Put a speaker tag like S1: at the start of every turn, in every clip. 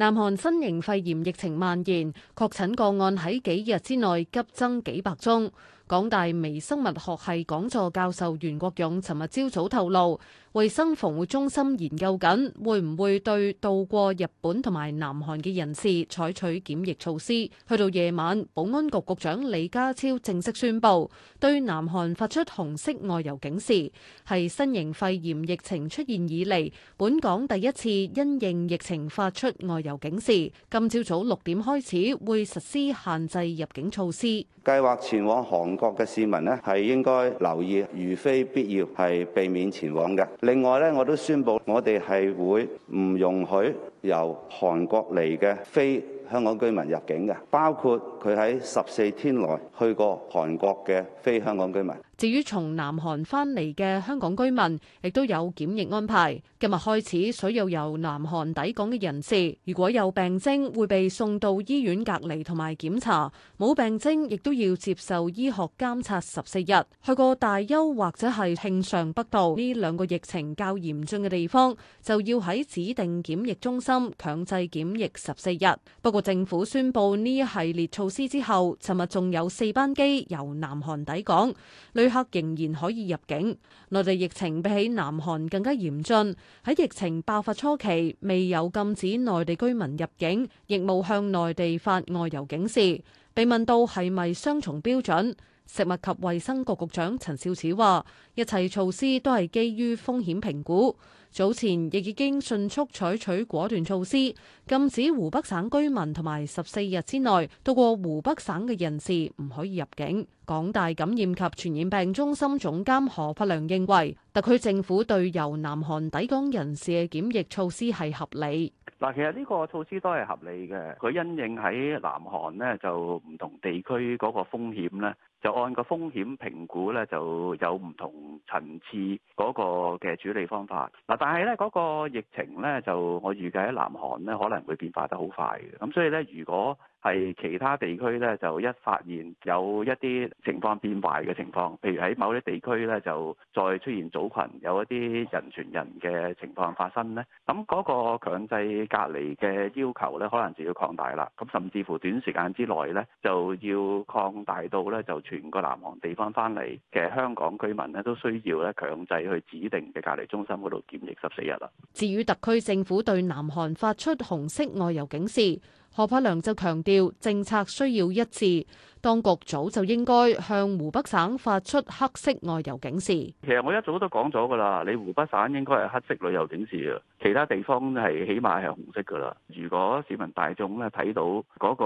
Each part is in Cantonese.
S1: 南韓新型肺炎疫情蔓延，確診個案喺幾日之內急增幾百宗。港大微生物學系講座教授袁國勇尋日朝早透露，衛生防護中心研究緊會唔會對到過日本同埋南韓嘅人士採取檢疫措施。去到夜晚，保安局局長李家超正式宣布對南韓發出紅色外遊警示，係新型肺炎疫情出現以嚟本港第一次因應疫情發出外遊警示。今朝早六點開始會實施限制入境措施，
S2: 計劃前往韓。國嘅市民咧係應該留意，如非必要係避免前往嘅。另外咧，我都宣布，我哋係會唔容許由韓國嚟嘅非。香港居民入境嘅，包括佢喺十四天內去過韓國嘅非香港居民。
S1: 至於從南韓翻嚟嘅香港居民，亦都有檢疫安排。今日開始，所有由南韓抵港嘅人士，如果有病徵會被送到醫院隔離同埋檢查；冇病徵亦都要接受醫學監察十四日。去過大邱或者係慶尚北道呢兩個疫情較嚴峻嘅地方，就要喺指定檢疫中心強制檢疫十四日。不過，政府宣布呢一系列措施之後，尋日仲有四班機由南韓抵港，旅客仍然可以入境。內地疫情比起南韓更加嚴峻，喺疫情爆發初期未有禁止內地居民入境，亦冇向內地發外遊警示。被問到係咪雙重標準？食物及衛生局局長陳肇始話：一切措施都係基於風險評估，早前亦已經迅速採取果斷措施，禁止湖北省居民同埋十四日之內到過湖北省嘅人士唔可以入境。港大感染及傳染病中心總監何柏良認為，特區政府對由南韓抵港人士嘅檢疫措施係合理。嗱，其實呢個
S2: 措施都係合理嘅，佢因應喺南韓咧，就唔同地區嗰個風險咧，就按個風險評估咧就有唔同。層次嗰個嘅處理方法嗱。但係咧嗰個疫情咧就我預計喺南韓咧可能會變化得好快嘅，咁所以咧，如果係其他地區咧就一發現有一啲情況變壞嘅情況，譬如喺某啲地區咧就再出現組群有一啲人傳人嘅情況發生咧，咁、那、嗰個強制隔離嘅要求咧可能就要擴大啦，咁甚至乎短時間之內咧就要擴大到咧就全個南韓地方翻嚟嘅香港居民咧都需要要咧強制去指定嘅隔離中心嗰度檢疫十四日啦。
S1: 至於特區政府對南韓發出紅色外遊警示。何柏良就強調政策需要一致，當局早就應該向湖北省發出黑色外遊警示。
S2: 其實我一早都講咗㗎啦，你湖北省應該係黑色旅遊警示啊，其他地方係起碼係紅色㗎啦。如果市民大眾咧睇到嗰個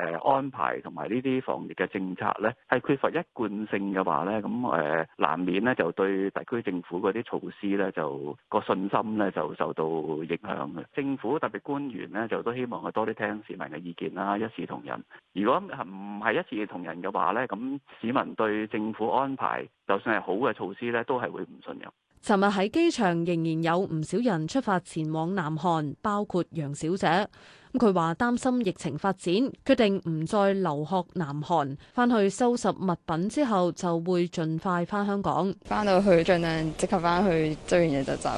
S2: 誒安排同埋呢啲防疫嘅政策咧，係缺乏一貫性嘅話咧，咁誒難免咧就對特區政府嗰啲措施咧就個信心咧就受到影響嘅。政府特別官員咧就都希望係多啲聽市民嘅意見啦，一視同仁。如果唔係一視同仁嘅話呢，咁市民對政府安排，就算係好嘅措施呢，都係會唔信任。
S1: 尋日喺機場仍然有唔少人出發前往南韓，包括楊小姐。咁佢話擔心疫情發展，決定唔再留學南韓，翻去收拾物品之後就會盡快翻香港。翻到去盡量即刻翻去，追完嘢就走。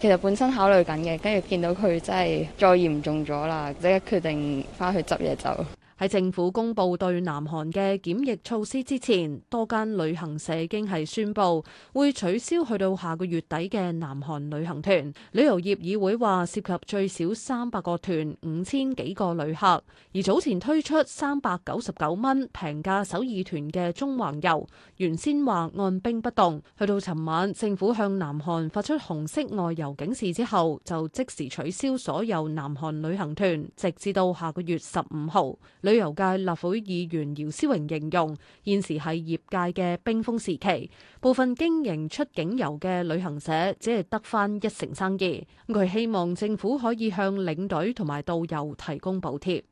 S1: 其實本身考慮緊嘅，跟住見到佢真係再嚴重咗啦，即刻決定翻去執嘢走。喺政府公布對南韓嘅檢疫措施之前，多間旅行社已經係宣布會取消去到下個月底嘅南韓旅行團。旅遊業議會話涉及最少三百個團、五千幾個旅客。而早前推出三百九十九蚊平價首爾團嘅中環遊，原先話按兵不動，去到尋晚政府向南韓發出紅色外遊警示之後，就即時取消所有南韓旅行團，直至到下個月十五號。旅遊界立法會議員姚思榮形容，現時係業界嘅冰封時期，部分經營出境遊嘅旅行社只係得返一成生意。咁佢希望政府可以向領隊同埋導遊提供補貼。